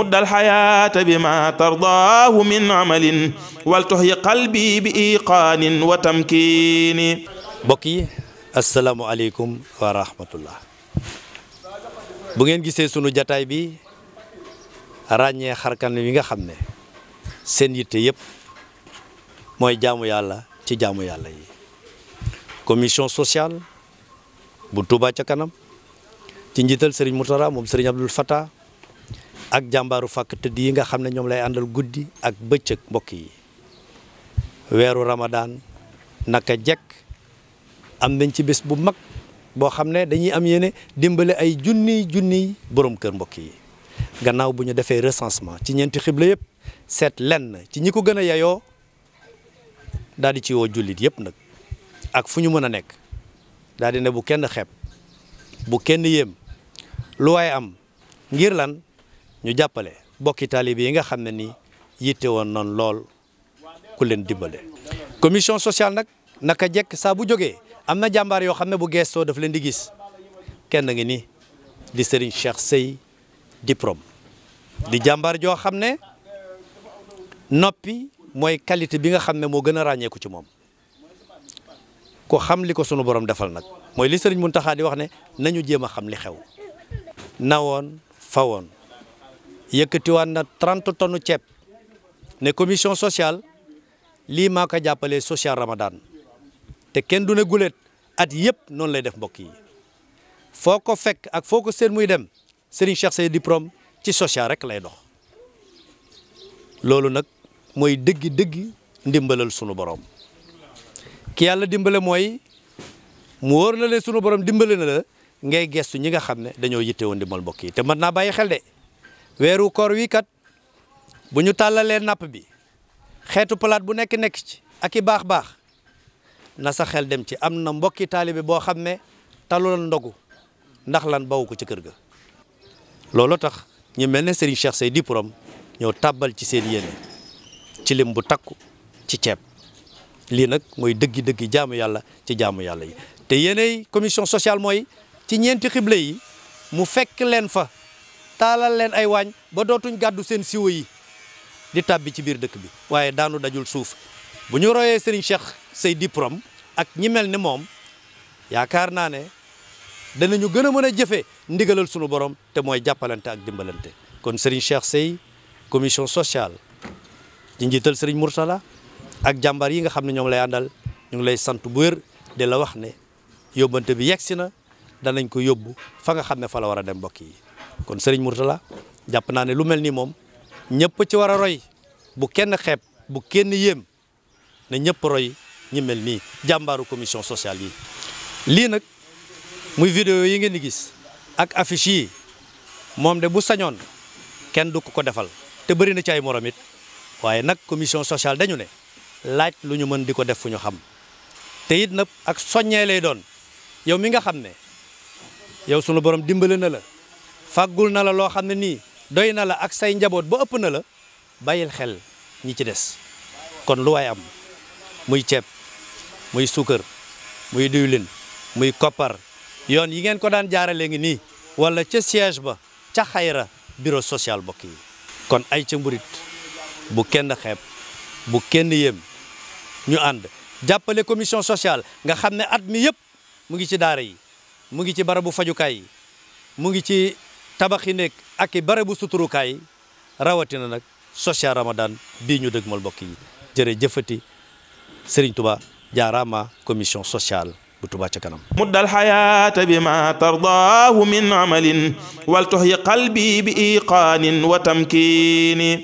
مد الحياة بما ترضاه من عمل ولتهي قلبي بإيقان وتمكين بقي السلام عليكم ورحمة الله bu ngeen gisee sunu jataay bi ràññee xarkan yi nga xam ne seen yitte yëpp mooy jaamu yàlla ci jaamu yàlla yi commission sociale bu Touba ca kanam ci njiital Serigne Moutara moom Serigne Abdoul Fattah ak jàmbaaru fàkk tëdd yi nga xam ne ñoom lay àndal guddi ak bëccëg mbokk yi weeru ramadaan naka jekk am nañ ci bés bu mag boo xam ne dañuy am yéene dimbale ay junniy junniy boroom kër mbokk yi gannaaw bu ñu defee recensement ci ñeenti xibla yëpp seet lenn ci ñi ko gën a yayoo daal di ci woo jullit yëpp nag ak fu ñu mën a nekk daal di ne bu kenn xeeb bu kenn yéem lu waaye am ngir lan ñu jàppale bokki taalibe yi nga xam ne nii yitte woon noonu lool ku leen dimbale. commission sociale nag naka jekk saa bu jógee am na jàmbaar yoo xam ne bu geestoo dafa leen di gis kenn ngi ni di sëriñ Cheikh Sey diplôme di jàmbaar joo xam ne noppi mooy qualité bi nga xam ne moo gën a ràññeeku ci moom ko xam li ko sunu borom defal nag mooy li Serigne Mountakha di wax ne nañu jéem a xam li xew nawoon fawoon. yëkkatiwaan na 30 tonnes ceeb ne commission sociale lii maa ko jàppale social ramadan te kenn du ne guléet at yëpp noonu lay def mbokk yi foo ko fekk ak foo ko seen muy dem Serigne Cheikh Seydi Prom ci social rek lay dox loolu nag mooy dëggi dëggi ndimbalal sunu borom ki yàlla dimbale mooy mu wóor na leen sunu borom dimbale na la ngay gestu ñi nga xam ne dañoo yitte woon ndimbal mbokk yi te mën naa bàyyi xel de. weeru koor wii kat bu ñu tàllalee napp bi xeetu palaat bu nekk nekk ci ak i baax baax na sa xel dem ci am na mbokki taalibe boo xam ne talu la ndogu ndax lan bawu ko ci kër ga. loolu tax ñu mel ne Serigne Cheikh Seydi Pouram ñoo tàbbal ci seen yéene ci lim bu takku ci ceeb lii nag mooy dëggi-dëggi jaamu yàlla ci jaamu yàlla yi te yéeney commission sociale mooy ci ñeenti xible yi mu fekk leen fa. taalal leen ay waañ ba dootuñ gàddu seen siwo yi di tàbbi ci biir dëkk bi waaye daanu dajul suuf bu ñu royee Serigne Cheikh say diplôme ak ñi mel ni moom yaakaar naa ne danañu gën a mën a jëfe ndigalal sunu borom te mooy jàppalante ak dimbalante kon Serigne Cheikh Sey commission sociale ci njiital sëriñ Moursala ak jàmbaar yi nga xam ne ñoom lay àndal ñu ngi lay sant bu de la wax ne yóbbante bi yegsi na danañ ko yóbbu fa nga xam ne fa la war a dem mbokk yi. kon Serigne Mourtala jàpp naa ne lu mel nii moom ñëpp ci war a roy bu kenn xeeb bu kenn yéem ne ñëpp roy ñi mel nii jàmbaaru commission sociale yi. lii nag muy vidéo yi ngeen di gis ak affiche yi moom de bu sañoon kenn du ko ko defal te bëri na ci ay morom waaye nag commission sociale dañu ne laaj lu ñu mën di ko def fu ñu xam te it nag ak soññee lay doon yow mi nga xam ne yow sunu borom dimbale na la. fàggul na la loo xam ne nii doy na la ak say njaboot ba ëpp na la bàyyil xel ñi ci des kon lu waay am muy ceeb muy suukar muy diwlin muy koppar yoon yi ngeen ko daan jaarale ngi nii wala ca siège ba ca xayra bureau social bokk yi kon ay ca mburit bu kenn xeeb bu kenn yem ñu ànd jàppale commission sociale nga xam ne at mi yëpp mu ngi ci daara yi mu ngi ci barabu fajukaay yi mu ngi ci tabaxi nekk ak i bare bu suturukaay rawatina nag social ramadan bii ñu dëgmal mbokk yi jërëjëfati Serigne Touba jaaraama commission sociale bu Touba ca kanam muddal xayaata bi ma min amalin wal tuhyi qalbi bi iqaanin wa tamkiini